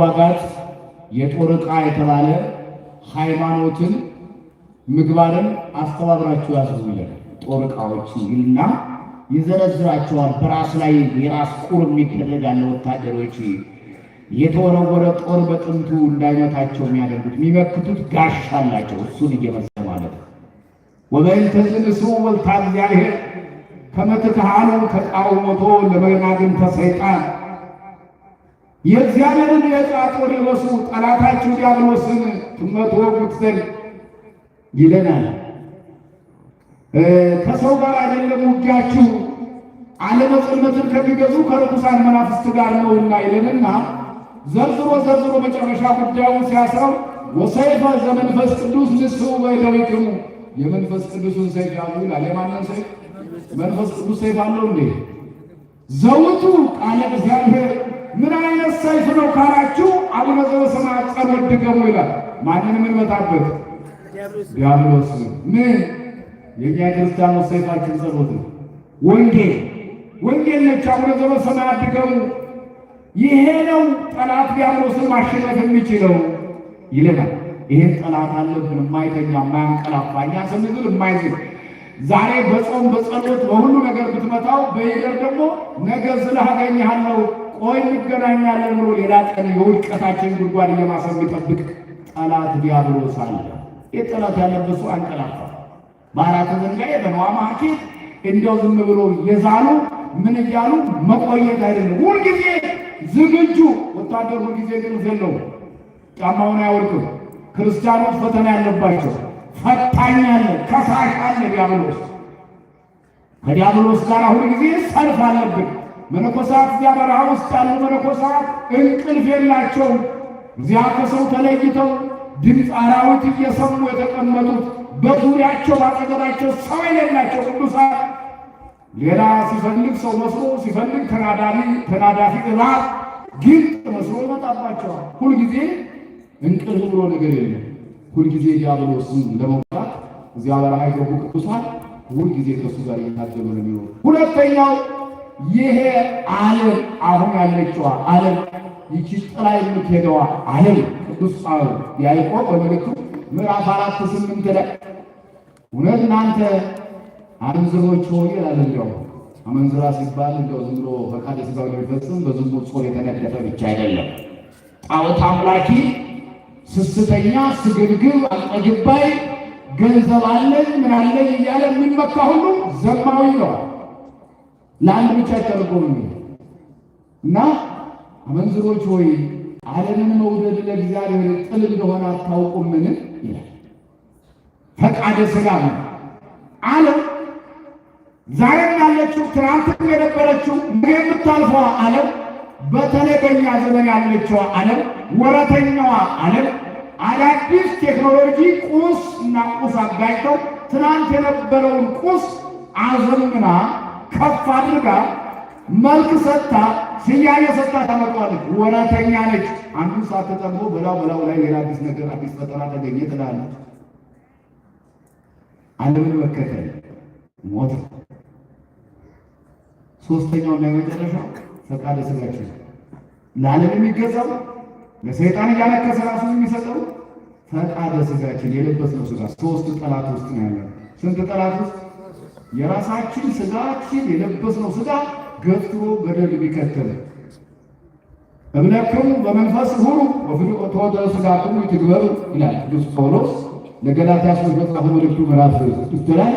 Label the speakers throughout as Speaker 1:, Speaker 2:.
Speaker 1: ዋጋት የጦር ዕቃ የተባለ ሃይማኖትን ምግባርን አስተባብራችሁ ያስዙልን። ጦር ዕቃዎች ይልና ይዘረዝራቸዋል። በራስ ላይ የራስ ቁር የሚደረግ ያለ ወታደሮች የተወረወረ ጦር በጥንቱ እንዳይመታቸው የሚያደርጉት የሚመክቱት ጋሻ አላቸው። እሱን እየመሰለ ማለት ወበይን ተዝንሱ ወልታ እግዚአብሔር ከመ ተቃውሞቶ ለመናግንተ ሰይጣን የእግዚአብሔርን የዕጣ ጦር ልበሱ፣ ጠላታችሁ ዲያብሎስን ትመትወጉት ዘንድ ይለናል። ከሰው ጋር አይደለም ውጊያችሁ፣ ዓለመ ጽልመትን ከሚገዙ ከርኩሳን መናፍስት ጋር ነውና ይለንና ዘርዝሮ ዘርዝሮ መጨረሻ ጉዳዩን ሲያስረው ወሰይፈ ዘመንፈስ ቅዱስ ንስሑ በእደዊክሙ የመንፈስ ቅዱስን ሰይፍ ያዙ ይላል። የማንን ሰይፍ? መንፈስ ቅዱስ ሰይፍ አለው እንዴ? ዘውቱ ቃለ እግዚአብሔር ምን አይነት ሰይፍ ነው ካላችሁ፣ አቡነ ዘበሰማያት ጸሎት ድገሙ ይላል። ማንን የምንመታበት? ዲያብሎስ ነው። ምን የእኛ ክርስቲያኖ ሰይፋችን ጸሎት ነው። ወንጌል ወንጌል ነች። አቡነ ዘበሰማያት ድገሙ። ይሄ ነው ጠላት ዲያብሎስን ማሸነፍ የሚችለው ይለናል። ይሄን ጠላት አለብን፣ የማይተኛ የማያንቀላፋ እኛ ስንዝል የማይዝል ዛሬ በጾም በጸሎት በሁሉ ነገር ብትመታው በይገር ደግሞ ነገ ዝለህ አገኘሃለሁ ቆይ እንገናኛለን ብሎ ሌላ ቀን የውድቀታችን ጉድጓድ እየማሰብ የሚጠብቅ ጠላት ዲያብሎስ አለ። ይህ ጠላት ያለበሱ አንቀላፋ በአራት ድንጋይ በነዋ ማኪት እንዲያው ዝም ብሎ የዛሉ ምን እያሉ መቆየት አይደለም። ሁልጊዜ ዝግጁ ወታደር ሁልጊዜ ግልፍ የለውም። ጫማውን አያወልቅም። ክርስቲያኖች ፈተና ያለባቸው ፈታኝ አለ፣ ከሳሽ አለ ዲያብሎስ። ከዲያብሎስ ጋር ሁልጊዜ ሰልፍ አለብን። መነኮሳት እዚያ በረሃ ውስጥ ያሉ መነኮሳት እንቅልፍ የላቸውም። እዚያ ከሰው ተለይተው ድምፅ አራዊት እየሰሙ የተቀመጡት በዙሪያቸው ባጠገባቸው ሰው የሌላቸው ቅዱሳት ሌላ ሲፈልግ ሰው መስሎ ሲፈልግ ተናዳፊ ተናዳፊ እባብ ግልጥ መስሎ ይመጣባቸዋል። ሁልጊዜ እንቅልፍ ብሎ ነገር የለም። ሁልጊዜ ዲያብሎስን ለመውጣት እዚያ በረሃ የገቡ ቅዱሳት ሁልጊዜ ከእሱ ጋር እየታገሉ ነው የሚሆኑ ሁለተኛው ይሄ ዓለም አሁን ያለችዋ ዓለም ይቺ ጥላ የምትሄደዋ ዓለም ቅዱስ ያይቆ በመልእክቱ ምዕራፍ አራት ስምንት ላይ እውነት እናንተ አመንዝሮች ሆይ ይላል። እንዲያው አመንዝራ ሲባል እንዲያው ዝም ብሎ ፈቃደ ሥጋው የሚፈጽም በዝሙት ጾር የተነደፈ ብቻ አይደለም። ጣዖት አምላኪ፣ ስስተኛ፣ ስግብግብ፣ አልጠግባይ፣ ገንዘብ አለኝ ምን እያለ የምንመካ ሁሉ ዘማዊ ነው። ለአንድ ብቻ ተርጎም እና አመንዝሮች ሆይ ዓለምን መውደድ ለእግዚአብሔር ጥል እንደሆነ አታውቁምን? ይላል። ፈቃደ ስጋ ነው። ዓለም ዛሬም ያለችው ትናንትም የነበረችው ነገ የምታልፈዋ ዓለም፣ በተለገኛ ዘመን ያለችዋ ዓለም፣ ወረተኛዋ ዓለም አዳዲስ ቴክኖሎጂ ቁስ እና ቁስ አጋጅተው ትናንት የነበረውን ቁስ አዘምና ከፍ አድርጋ መልክ ሰጥታ ስያሜ ሰጥታ ታመጣዋለች። ወራተኛ ነች። አንዱ ሰዓት ተጠቅሞ በላው በላው ላይ ሌላ አዲስ ነገር አዲስ ፈጠራ ተገኘ ትላለች። ዓለምን መከተል ሞት። ሶስተኛው እና የመጨረሻው ፈቃደ ሥጋችን ለዓለም የሚገዛው ለሰይጣን እያነከሰ ራሱ የሚሰጠው ፈቃደ ሥጋችን የለበስነው ሥጋ ሶስት ጠላት ውስጥ ነው ያለው። ስንት ጠላት ውስጥ የራሳችን ስጋችን የለበስነው ስጋ ገፍትሮ በደል ቢከተል እምነክሙ በመንፈስ ሁሉ ሁሩ ወፍልቆተወደ ስጋክሙ ይትግበሩ ይላል ቅዱስ ጳውሎስ ለገላትያ ሰዎች በጻፈው መልእክቱ ምዕራፍ ስድስት ላይ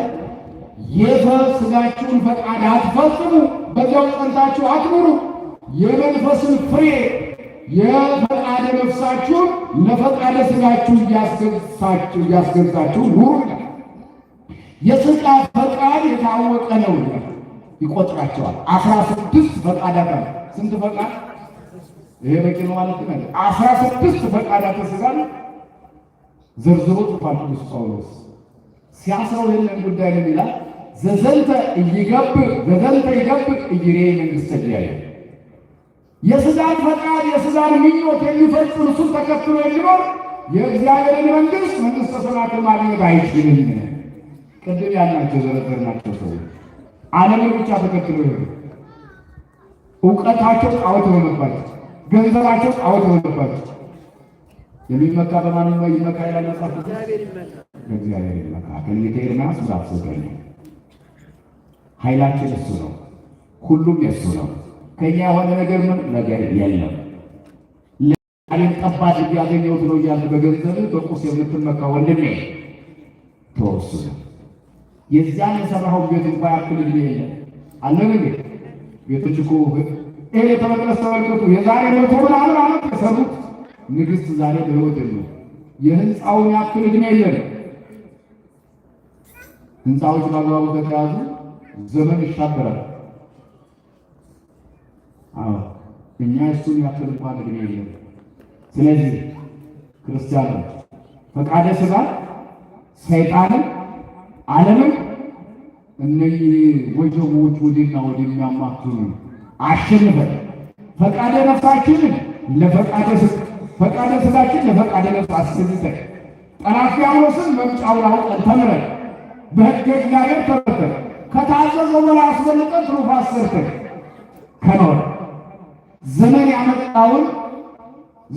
Speaker 1: ስጋችሁን ፈቃድ አትፈጽሙ፣ በዚያው ጸንታችሁ አትኑሩ። የመንፈስን ፍሬ የፈቃደ ነፍሳችሁን ለፈቃደ ስጋችሁ እያስገዛችሁ ኑሩ ይላል። የሥጋ ፈቃድ የታወቀ ነው ይቆጥራቸዋል። አስራ ስድስት ፈቃዳት ስንት ፈቃድ? ይሄ በቂ ማለት ነው። አስራ ስድስት ፈቃዳት ሥጋን ዘርዝሮ ጽፏል ቅዱስ ጳውሎስ ሲያስረው ይህንን ጉዳይ ነው ይላል። ዘዘንተ እይገብር ዘዘንተ ይገብር እይሬ መንግሥተ እግዚአብሔር የሥጋን ፈቃድ የሥጋን ምኞት የሚፈጽም እሱን ተከትሎ የሚኖር የእግዚአብሔርን መንግሥት መንግሥተ ሰማያትን ማግኘት አይችልም። ቅድም ያልናቸው ዘረዘር ናቸው ሰዎች ዓለምን ብቻ ተከትሎ ይሆኑ እውቀታቸው ጣዖት የሆነባቸው፣ ገንዘባቸው ጣዖት የሆነባቸው የሚመካ በማን ይመካ ይላል መጽሐፍ እግዚአብሔር ይመካ ከጌታ ኤርምያስ ምዕራፍ ዘጠኝ ኃይላችን እሱ ነው። ሁሉም የእሱ ነው። ከኛ የሆነ ነገር ምን ነገር የለም። ለአለም ጠባድ ያገኘሁት ነው እያለ በገንዘብ በቁስ የምትመካ ወንድሜ ተወሱ ነው የዚያን የሰራኸው ቤት እንኳ ያክል እድሜ የለም አለ ቤቶች እኮ ይሄ የተመለስ ተመልከቱ። የዛሬ መቶ ምናምን ዓመት የሰሩት ንግስት ዛሬ በሕይወት የለም። የህንፃውን ያክል እድሜ የለም። ህንፃዎች በአግባቡ ከተያዙ ዘመን ይሻገራል። አዎ እኛ እሱን ያክል እንኳን እድሜ የለም። ስለዚህ ክርስቲያኖች ፈቃደ ስጋ ሰይጣንን ዓለምን እነዚህ ወጀቦች ወዲና ወደ የሚያማክሉ አሸንፈን ፈቃደ ነፍሳችንን ለፈቃደ ፈቃደ ስጋችን ለፈቃደ ነፍስ አስገብተን ጠላት ዲያብሎስን መምጫውን አውቀን ተምረን በሕገ እግዚአብሔር ተመተን ከታዘዘው በላይ አስበልጠን ትሩፋት ሰርተን ከኖር ዘመን ያመጣውን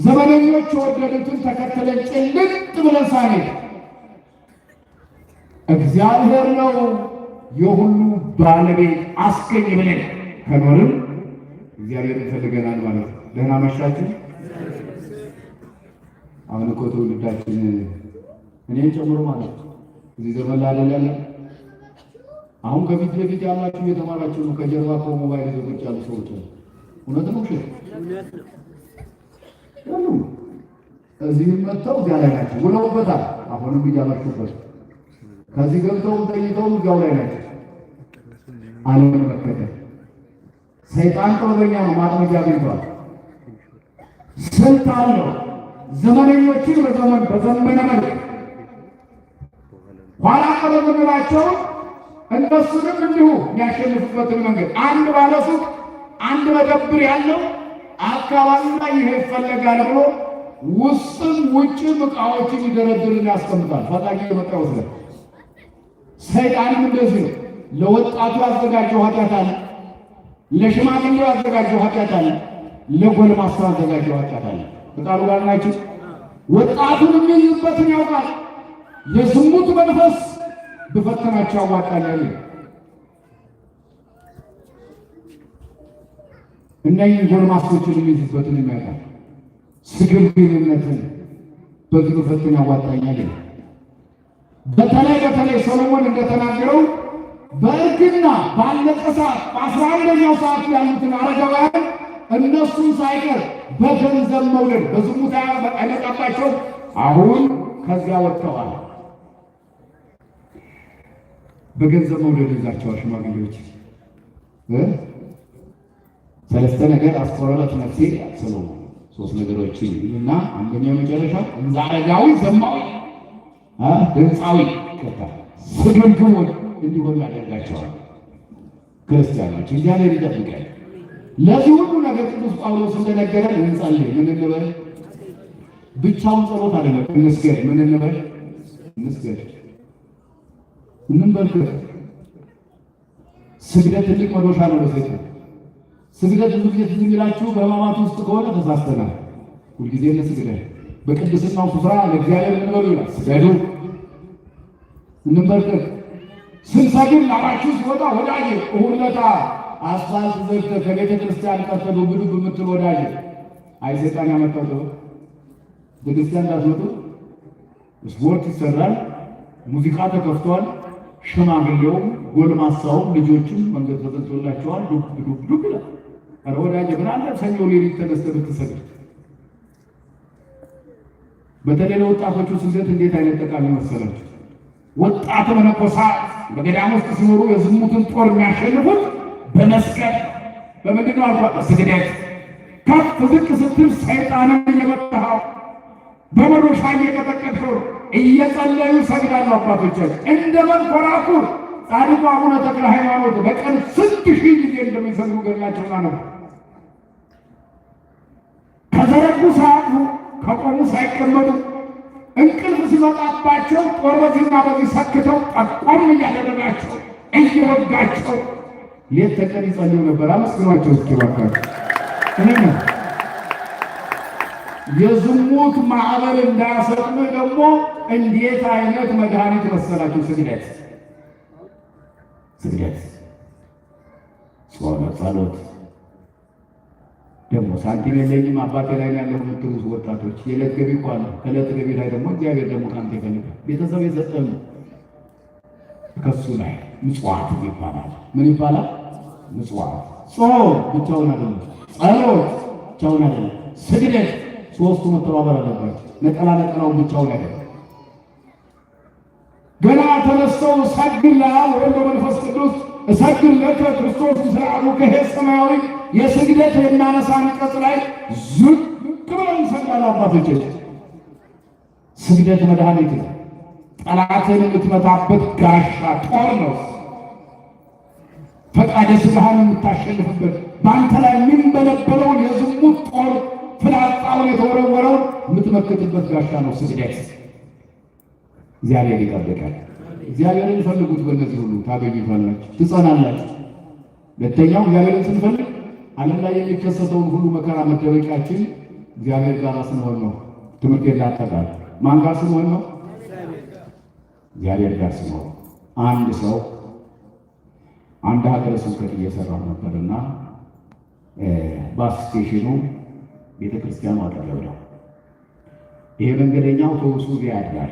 Speaker 1: ዘመነኞች የወደዱትን ተከትለን ጭልጥ ብለን ሳንሄድ እግዚአብሔር ነው የሁሉ ባለቤት አስገኝ ብለን ከኖርን እግዚአብሔር እንፈልገናል ማለት ነው። ደህና መሻችሁ። አሁን እኮ ትውልዳችን እኔን ጨምሮ ማለት ነው እዚህ ዘመን ላለ አሁን ከፊት ለፊት ያላችሁ የተማራችሁ ነው። ከጀርባ እኮ ሞባይል ይዘው ያሉ ሰዎች እውነት ነው ሽ እዚህም መጥተው እዚያ ላይ ናቸው ውለውበታል። አሁንም እያመሹበት ከዚህ ገብተውም ተኝተውም እዚያው ላይ ናቸው። ዓለምን መከተል ሰይጣን ጥበበኛ ነው። ማጥመጃ ቤቷል ስልት አለው። ዘመነኞቹ በዘመን በዘመነ መልክ ኋላ ቀር የምንላቸውን እነሱንም እንዲሁ የሚያሸንፉበትን መንገድ አንድ ባለሱቅ አንድ መደብር ያለው አካባቢ ላይ ይሄ ይፈለጋል ብሎ ውስጥም ውጭም ዕቃዎችን ይደረድርና ያስቀምጣል። ፈላጊ የመጣ ይወስዳል። ሰይጣንም እንደዚህ ለወጣቱ አዘጋጀው ኃጢአት አለ፣ ለሽማግሌው አዘጋጀው ኃጢአት አለ፣ ለጎልማሳ አዘጋጀው ኃጢአት አለ። በቃሉ ጋር ናችሁ። ወጣቱን የሚይዝበትን ያውቃል። የዝሙት መንፈስ በፈተናቸው ያዋጣኛል። እነኝህ ጎልማሶችን የሚይዝበትን የሚያውቃል። ስግብግብነትን በግብፈትን ያዋጣኛል። በተለይ በተለይ ሰሎሞን እንደተናገረው በእርግና ባለቀ ሰዓት በአስራ አንደኛው ሰዓት ያሉትን አረጋውያን እነሱን ሳይቀር በገንዘብ መውደድ በዝሙታ ያነጻባቸው አሁን ከዚያ ወጥተዋል። በገንዘብ መውደድ ይዛቸዋል። ሽማግሌዎች ሰለስተ ነገር አስተወረት ነፍሴ ሰሎሞን ሶስት ነገሮችን እና አንደኛው መጨረሻ እንዛ አረጋዊ ዘማዊ ህንፃዊ ስግብግቡን እንዲሆኑ ያደርጋቸዋል። ክርስቲያኖች እግዚአብሔር ይጠብቃል። ለዚህ ሁሉ ነገር ቅዱስ ጳውሎስ እንደነገረን እንጸልይ። ምን እንበል? ብቻውን ጸሎት አይደለም። እንስገድ። ምን እንበል? እንስገድ፣ ስግደት ትልቅ መዶሻ ነው ስግደት። ብዙ ጊዜ ትዝ የሚላችሁ በሕማማት ውስጥ ከሆነ ተሳስተናል። ሁልጊዜ በቅድስናው ስፍራ ለእግዚአብሔር እንበሉ ይላል፣ ስገዱ እንበርቀቅ ስንሰግድ ላባችሁ ሲወጣ ወዳጄ እሁለታ አስፋልት ዘግተ ከቤተ ክርስቲያን ቀርተዶ ብዱ በምትል ወዳጄ አይ ሰይጣን ያመጣው ነው። ቤተክርስቲያን ዳስመጡ ስፖርት ይሰራል፣ ሙዚቃ ተከፍቷል። ሽማግሌው ጎልማሳውም ልጆችም መንገድ ተዘግቶላቸዋል። ዱብ ዱብ ዱብ ይላል። ኧረ ወዳጄ ምን አለ ሰኞ ሌሊት ተነስተህ ብትሰግድ። በተለይ ለወጣቶቹ ስግደት እንዴት አይነት ጠቃሚ መሰላችሁ? ወጣቱ መነኮሳት በገዳም ውስጥ ሲኖሩ የዝሙትን ጦር የሚያሸንፉት በመስቀል በምንድን ነው? አባ ስግደት ከፍ ዝቅ ስትል ሰይጣንን እየመታኸው በመዶሻ እየቀጠቀጥከው እየጸለዩ ሰግዳሉ። አባቶቻችን እንደ መንኮራኩር ጻድቁ አቡነ ተክለ ሃይማኖት በቀን ስንት ሺህ ጊዜ እንደሚሰግዱ ገድላቸውና ነው። ከዘረጉ ሳያጥፉ ከቆሙ ሳይቀመጡ እንቅልፍ ሲመጣባቸው በዚህ ሰክተው ጠቆም እያደረጋቸው እየወጋቸው ሌት ተቀን ይጸልዩ ነበር። አመስግኗቸው እስኪ የዝሙት ማዕበል እንዳያሰጥም ደግሞ እንዴት አይነት መድኃኒት ስግደት ስግደት ጾመ ጸሎት ደግሞ ሳንቲም የለኝም አባቴ ላይ ያለው የምትሉት ወጣቶች የዕለት ገቢ እንኳ ነው። ከዕለት ገቢ ላይ ደግሞ እግዚአብሔር ደግሞ ከአንተ ይፈልጋል። ቤተሰብ የሰጠን ከሱ ላይ ምጽዋት ይባላል። ምን ይባላል? ምጽዋት። ጾም ብቻውን አደለ፣ ጸሎት ብቻውን አደለ፣ ስግደት፣ ሶስቱ መተባበር አለባቸው። ነጠላ ነጠላውን ብቻውን አደለ። ገና ተነስተው እሳግድልሃል ወይም በመንፈስ ቅዱስ እሳግድልከ ክርስቶስ ስለ ከሄድ ሰማያዊ የስግደት የማነሳ አንቀጽ ላይ ዝቅ ብለን እንሰማለን። አባቶች ስግደት መድኃኒት ነው፣ ጠላትን የምትመታበት ጋሻ ጦር ነው፣ ፈቃደ ስብሃን የምታሸንፍበት በአንተ ላይ የሚንበለበለውን የዝሙት ጦር ፍላጣውን የተወረወረውን የምትመክትበት ጋሻ ነው ስግደት። እግዚአብሔር ይጠብቃል። እግዚአብሔርን ፈልጉት፣ በእነዚህ ሁሉ ታገኙ ይሆናል፣ ትጸናላችሁ። ሁለተኛው እግዚአብሔርን ስንፈልግ ዓለም ላይ የሚከሰተውን ሁሉ መከራ መደበቂያችን እግዚአብሔር ጋር ስንሆን ነው። ትምህርት የላጠቃል ማን ጋር ስንሆን ነው? እግዚአብሔር ጋር ስንሆን። አንድ ሰው አንድ ሀገረ ስብከት እየሰራ ነበርና ባስ ስቴሽኑ ቤተ ክርስቲያኑ አጠገብ ነው። ይሄ መንገደኛ አውቶቡሱ ያድጋል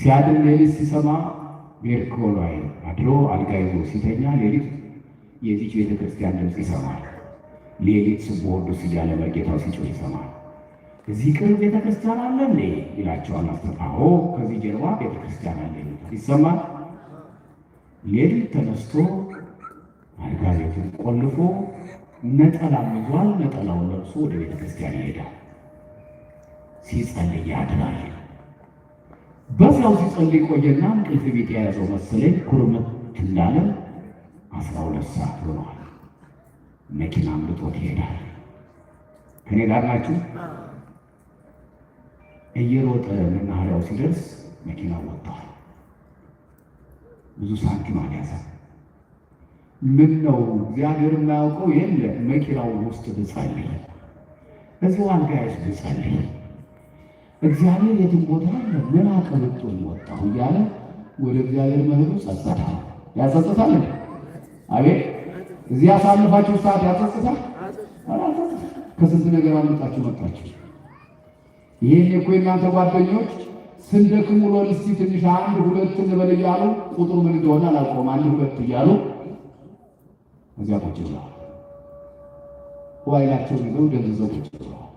Speaker 1: ሲያድር ሌሊት ሲሰማ ሜርኮሎይ አድሮ አልጋይዞ ሲተኛ ሌሊት የዚች ቤተክርስቲያን ድምፅ ይሰማል። ሌሊት ስቦወዱስ እያለ ለጌታው ሲጮህ ይሰማል። እዚህ ቅርብ ቤተክርስቲያን አለ እንዴ ይላቸዋል። አዎ ከዚህ ጀርባ ቤተክርስቲያን አለ ይሰማል። ሌሊት ተነስቶ አልጋ ቤቱን ቆልፎ ነጠላ ይዟል። ነጠላውን ለብሶ ወደ ቤተክርስቲያን ይሄዳል። ሲጸልይ ያድራል። በዚያው ሲጸልይ ቆየና እንቅልፍ ቤት የያዘው መሰለኝ ኩርምት እንዳለም አስራ ሁለት ሰዓት ሆኗል። መኪና አምልጦት ይሄዳል። ከኔ ጋር ናችሁ? እየሮጠ መናኸሪያው ሲደርስ መኪና ወጥቷል። ብዙ ሳንቲም አልያዘ። ምን ነው እግዚአብሔር የማያውቀው የለ። መኪናው ውስጥ ብጸልይ፣ እዚሁ አልጋያዝ ብጸልይ፣ እግዚአብሔር የትም ቦታ አለ፣ ምን አቀብጦኝ ወጣሁ እያለ ወደ እግዚአብሔር መሄዱ ጸጸታ ያጸጽታል። አቤት እዚህ ያሳልፋችሁ ሰዓት ያጸጽታል። ከስንት ነገር አምልጣችሁ መጣችሁ። ይህን እኮ የእናንተ ጓደኞች ስንደክም ውለን እስቲ ትንሽ አንድ ሁለት እንበል እያሉ ቁጥሩ ምን እንደሆነ አላውቀውም፣ አንድ ሁለት እያሉ እዚያ ቁጭ ብለዋል። ዋይናቸውን ይዘው ደንዝዘው ቁጭ ብለዋል።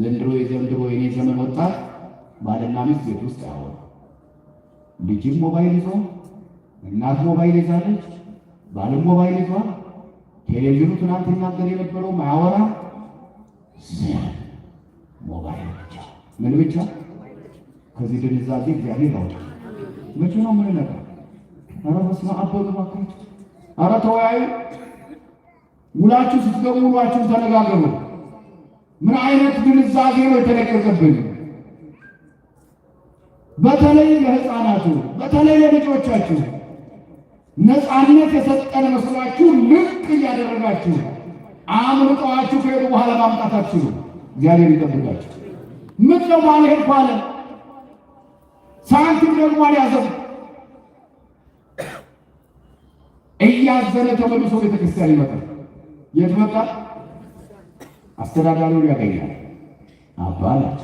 Speaker 1: ዘንድሮ የዘንድሮ የኔ ዘመን ወጣት ባልና ሚስት ቤት ውስጥ አያወሩ። ልጅም ሞባይል ይዞ እናት ሞባይል ይዛለች ባለም ሞባይል ይዟል። ቴሌቪዥኑ ትናንት ይናገር የነበረው ማያወራ ዜር ሞባይል ብቻ ምን ብቻ ከዚህ ድንዛዜ እግዚአብሔር ያውጣ። መቼ ነው ምን ነገር አረ በስመ አብ በሉ እባካችሁ። ተወያዩ። ውላችሁ ስትገቡ ውሏችሁን ተነጋገሩ። ምን አይነት ግንዛቤ ነው የተለቀቀብን? በተለይ ለህፃናቱ፣ በተለይ ለልጆቻችሁ ነፃነት የሰጠን መስሏችሁ ልቅ እያደረጋችሁ አምልጠዋችሁ ከሄዱ በኋላ ማምጣታችሁ እግዚአብሔር ይጠብቃችሁ። ምን ነው ባልሄድኩ አለ። ሳንቲም ደግሞ አልያዘም። እያዘነ ተመልሶ ቤተክርስቲያን ይመጣል። የት መጣ? አስተዳዳሪውን ያገኛል። አባላት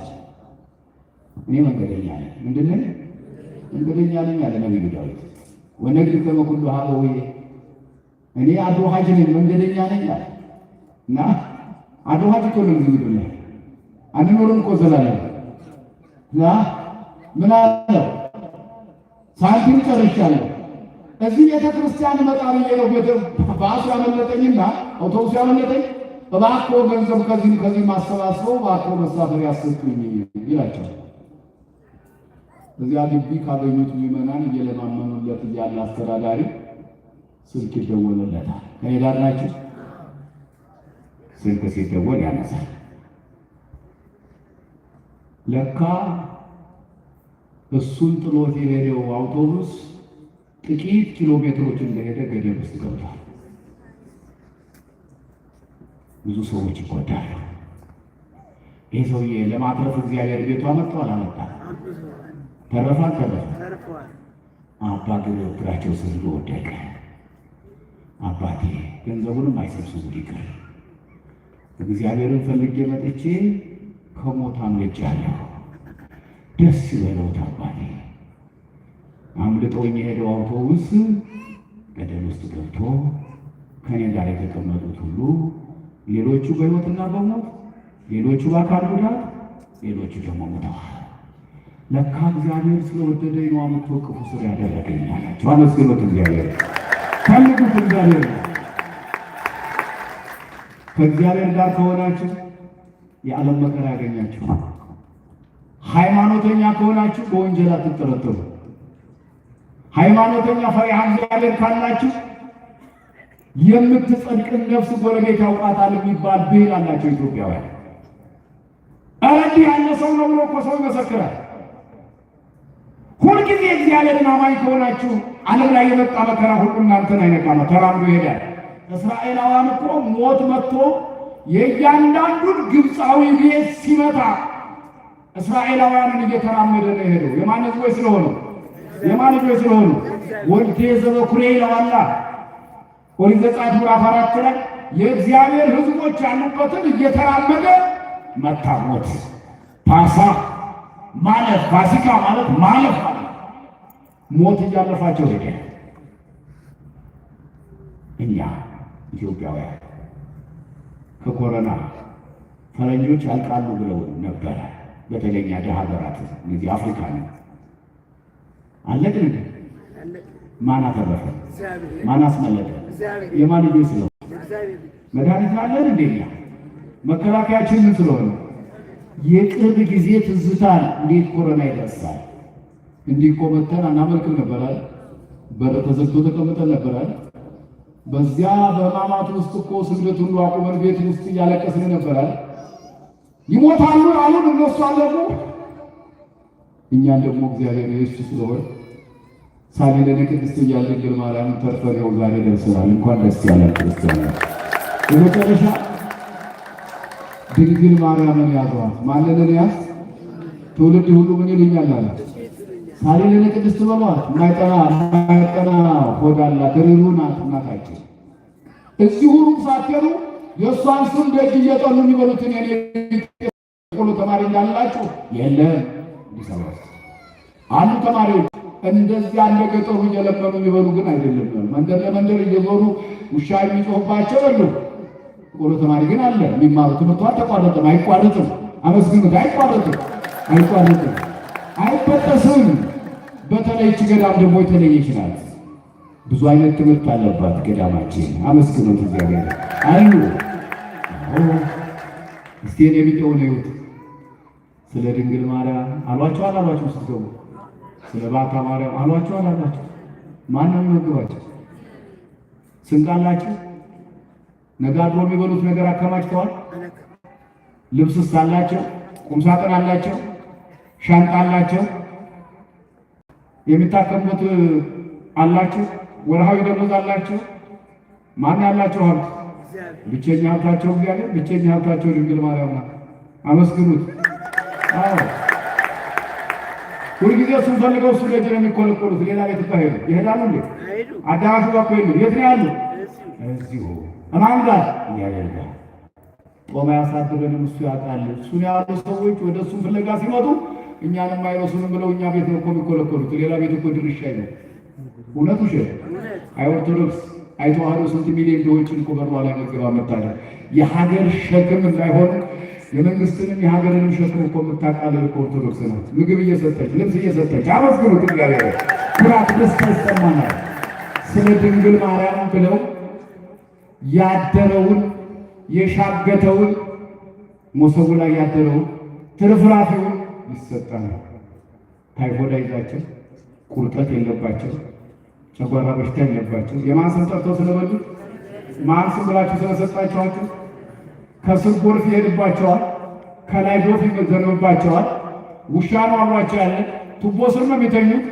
Speaker 1: እኔ መንገደኛ ነኝ። ምንድን ነኝ? መንገደኛ ነኝ ያለ ነቢዩ ዳዊት ወነግድ ከመ ኩሉ ሀበዊ እኔ አዶ ሀጅ ነኝ መንገደኛ ነኝ አለ እና አዶ ሀጅ እኮ ነው እዚህ ምድር ላይ አንኖርም እኮ ዘላለም እና ምን አለው ሳንቲም ጨርሻለሁ እዚህ ቤተ ክርስቲያን መጣ ብዬ ነው ቤተ ባሱ ያመለጠኝና አውቶቡስ ያመለጠኝ እባክዎ ገንዘብ ከዚህም ከዚህም አሰባስበው እባክዎ መሳፈሪያ ያስጡኝ ይላቸዋል እዚያ ግቢ ካገኙት ምዕመናን እየለማመኑለት እያለ አስተዳዳሪ ስልክ ይደወለለታል። ከኔ ጋር ናችሁ? ስልክ ሲደወል ያነሳል። ለካ እሱን ጥሎት የሄደው አውቶቡስ ጥቂት ኪሎ ሜትሮች እንደሄደ ገደብ ውስጥ ገብቷል። ብዙ ሰዎች ይጎዳሉ። ይህ ሰውዬ ለማትረፍ እግዚአብሔር ቤቷ መጥቷል አመጣ ተረፋል ተረፋል። አባ ገብረ እግራቸው ስር ወደቀ። አባቴ ገንዘቡንም አይሰብስቡ ይቅር፣ እግዚአብሔርን ፈልጌ መጥቼ ከሞት አምልጫለሁ። ደስ ይበለውት አባቴ። አምልጦኝ የሄደው አውቶቡስ ገደል ውስጥ ገብቶ ከኔ ጋር የተቀመጡት ሁሉ ሌሎቹ በሕይወትና በሞት ሌሎቹ በአካል ጉዳት ሌሎቹ ደግሞ ሞተዋል። ለካ እግዚአብሔር ስለወደደኝ ነው አምጥቶ ክፉ ስር ያደረገኝ አላቸው። እግዚአብሔር፣ ፈልጉት እግዚአብሔር። ከእግዚአብሔር ጋር ከሆናችሁ የዓለም መከራ ያገኛችሁ። ሃይማኖተኛ ከሆናችሁ በወንጀል አትጠረጠሩ። ሃይማኖተኛ ፈሪሃ እግዚአብሔር ካላችሁ የምትጸድቅን ነፍስ ጎረቤት ያውቃታል የሚባል ብሂል አላቸው ኢትዮጵያውያን። እንዲህ ያለ ሰው ነው ብሎ እኮ ሰው ይመሰክራል። ሁልጊዜ እግዚአብሔርን አማኝ ከሆናችሁ ዓለም ላይ የመጣ መከራ ሁሉ እናንተን አይነካ ነው፣ ተራምዶ ይሄዳል። እስራኤላውያን እኮ ሞት መጥቶ የእያንዳንዱን ግብፃዊ ቤት ሲመታ እስራኤላውያንን እየተራመደ ነው የሄደው። የማን ሕዝቦች ስለሆኑ የማን ሕዝቦች ስለሆኑ ወልቴ ዘበኩሬ ይለዋላ ኦሪት ዘጸአት ምዕራፍ አራት ላይ የእግዚአብሔር ህዝቦች ያሉበትን እየተራመደ መታ ሞት ፓሳ ማለፍ ፋሲካ ማለት ማለፍ ማለት ሞት እያለፋቸው ሄደ። እኛ ኢትዮጵያውያን ከኮረና ፈረንጆች ያልቃሉ ብለው ነበረ። በተለይኛ ደሃ ሀገራት እነዚህ አፍሪካ ነው አለቅን። ማን አተረፈ? ማን አስመለጠ? የማን ልጆች ስለሆነ መድኃኒት አለን እንደኛ መከላከያችንን ስለሆነ የቅርብ ጊዜ ትዝታን እንዴት ኮረና ይደርሳል? እንዲህ እኮ መተን አናመልክም ነበራል። በር ተዘግቶ ተቀምጠን ነበራል። በዚያ በሕማማት ውስጥ እኮ ስግደት ሁሉ አቁመን ቤት ውስጥ እያለቀስን ነበራል። ይሞታሉ አሉን እነሱ አለፉ። እኛን ደግሞ እግዚአብሔር የእሱ ስለሆን ሳሜለን ቅድስት እያልን ድንግል ማርያምን ተርፈን ዛሬ ደርሰናል። እንኳን ደስ ያለን ክርስቲያናት የመጨረሻ ድንግል ማርያምን ያዟት። ማንንን ያዝ ትውልድ ሁሉ ምን ይሉኛል አላት። ሳሌንን ቅድስት በሏት። ማይጠና ማይጠና ሆዳላት ርሩ ናት እናታችን። እዚሁ ሩቅ ሳትሄዱ የእሷን ስም ደጅ እየጠሉ የሚበሉትን የኔ ተማሪ እንዳላችሁ የለም እንዲሰባት አሉ ተማሪዎች። እንደዚህ እንደ ገጠሩ እየለመኑ የሚበሉ ግን አይደለም። መንደር ለመንደር እየዞሩ ውሻ የሚጮህባቸው የሉም። ቆሎ ተማሪ ግን አለ የሚማሩ ትምህርቱ አልተቋረጠም፣ አይቋረጥም። አመስግኑት። አይቋረጥም፣ አይቋረጥም፣ አይበጠስም። በተለይ እች ገዳም ደግሞ የተለየች ናት። ብዙ አይነት ትምህርት አለባት ገዳማችን። አመስግኑት። እግዚአብሔር አሉ እስቲ እኔ የሚጠውን ይሁት ስለ ድንግል ማርያም አሏቸው አላሏቸው ስትገቡ ስለ ባታ ማርያም አሏቸው አላሏቸው ማንም መግባቸው ስንቃላቸው ነጋድሮ የሚበሉት ነገር አከማችተዋል። ልብስስ አላቸው፣ ቁምሳጥን አላቸው፣ ሻንጣ አላቸው፣ የሚታከሙት አላችሁ፣ ወርሃዊ ደሞዝ አላቸው ማን ያላቸው ሀብት? ብቸኛ ሀብታቸው እግዚአብሔር፣ ብቸኛ ሀብታቸው ድንግል ማርያም ናት። አመስግኑት። ሁልጊዜ ስንፈልገው እሱ ደጅ ነው የሚኮለኮሉት። ሌላ ቤት እኮ ሄዱ ይሄዳሉ እንዴ? አዳራሹ ባኮ የት ነው ያሉ? እዚሁ ከማን ጋር እግዚአብሔር ጋር ቆማ ያሳድረንም እሱ ያውቃል። እሱን ያሉ ሰዎች ወደ እሱም ፍለጋ ሲመጡ እኛንም አይረሱንም ብለው እኛ ቤት ነው እኮ የሚኮለኮሉት። ሌላ ቤት እኮ ድርሻ ነው። እውነት ውሸት አይኦርቶዶክስ አይተዋህዶ ስንት ሚሊዮን ድሆችን እኮ በሯ ላይ መገባ መታለን። የሀገር ሸክም እንዳይሆን የመንግስትንም የሀገርንም ሸክም እኮ የምታቃልል ኦርቶዶክስ ናት። ምግብ እየሰጠች ልብስ እየሰጠች አመስግኑት። እግዚአብሔር ኩራት ደስታ ይሰማናል። ስለ ድንግል ማርያም ብለው ያደረውን የሻገተውን መሶቡ ላይ ያደረውን ትርፍራፊውን ይሰጣል። ታይፎይድ አይዛቸው፣ ቁርጠት የለባቸው፣ ጨጓራ በሽታ የለባቸው። የማን ጠርተው ስለበሉ ማን ስም ብላችሁ ስለሰጣችኋቸው ከስር ጎርፍ ይሄድባቸዋል፣ ከላይ ጎርፍ ይዘንብባቸዋል። ውሻ ነው አሏቸው ያለ ቱቦ ስር ነው የሚተኙት።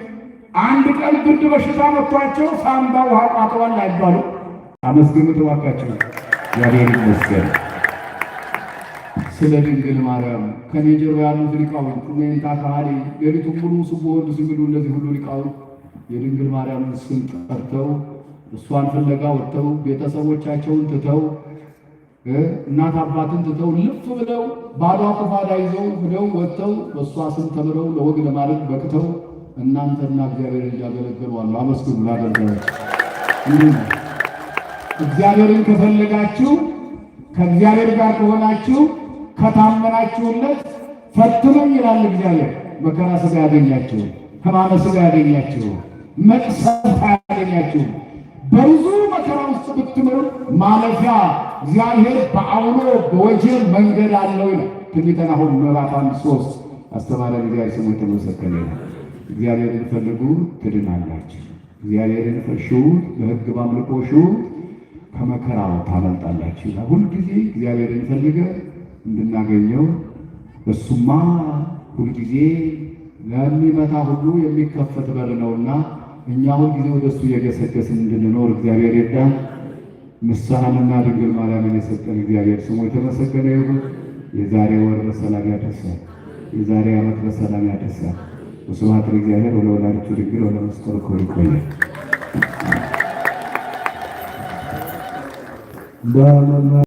Speaker 1: አንድ ቀን ብርድ በሽታ መጥቷቸው ሳምባ ውሃ ቋጥሯል አይባሉ አመስግኑ ተባካችሁ። እግዚአብሔር ይመስገን። ስለ ድንግል ማርያም ከኔ ጀርባ ያሉት ሊቃውንት ቁሜንታ ካህሊ የሪቱ ሙሉ ስቡ ወዱ ሲምሉ እነዚህ ሁሉ ሊቃውንት የድንግል ማርያምን ስም ጠርተው እሷን ፍለጋ ወጥተው ቤተሰቦቻቸውን ትተው እናት አባትን ትተው ልፍ ብለው ባሏ ቁፋዳ ይዘው ብለው ወጥተው በእሷ ስም ተምረው ለወግ ለማድረግ በቅተው እናንተና እግዚአብሔር እያገለገሉ አሉ። አመስግኑ ላደርገ እንዲህ ነው። እግዚአብሔርን ከፈለጋችሁ ከእግዚአብሔር ጋር ከሆናችሁ ከታመናችሁለት ፈትኑኝ ይላል እግዚአብሔር። መከራ ስጋ ያገኛችሁ፣ ሕማመ ስጋ ያገኛችሁ፣ መቅሰፍት ያገኛችሁ በብዙ መከራ ውስጥ ብትኖር ማለፊያ እግዚአብሔር በአውሎ በወጀብ መንገድ አለው ይላል ትንቢተ ናሆም ምዕራፍ አንድ ሶስት አስተማሪ እግዚአብሔር ስሙ የተመሰገነ ይሁን። እግዚአብሔርን ፈልጉ ትድናላችሁ። እግዚአብሔርን ፈሹ በሕግ በአምልኮ ሹ ከመከራ ታመልጣላችሁ ይላል። ሁልጊዜ እግዚአብሔርን ፈልገ እንድናገኘው እሱማ ሁልጊዜ ለሚመታ ሁሉ የሚከፈት በር ነውና እኛ ሁልጊዜ ወደ እሱ እየገሰገስን እንድንኖር እግዚአብሔር ይርዳን። ንስሐንና ድንግል ማርያምን የሰጠን እግዚአብሔር ስሙ የተመሰገነ ይሁን። የዛሬ ወር በሰላም ያደርሳል። የዛሬ ዓመት በሰላም ያደርሳል። ስብሐት ለእግዚአብሔር ወለወላዲቱ ድንግል ወለመስቀሉ ክቡር ይቆያል። Bwana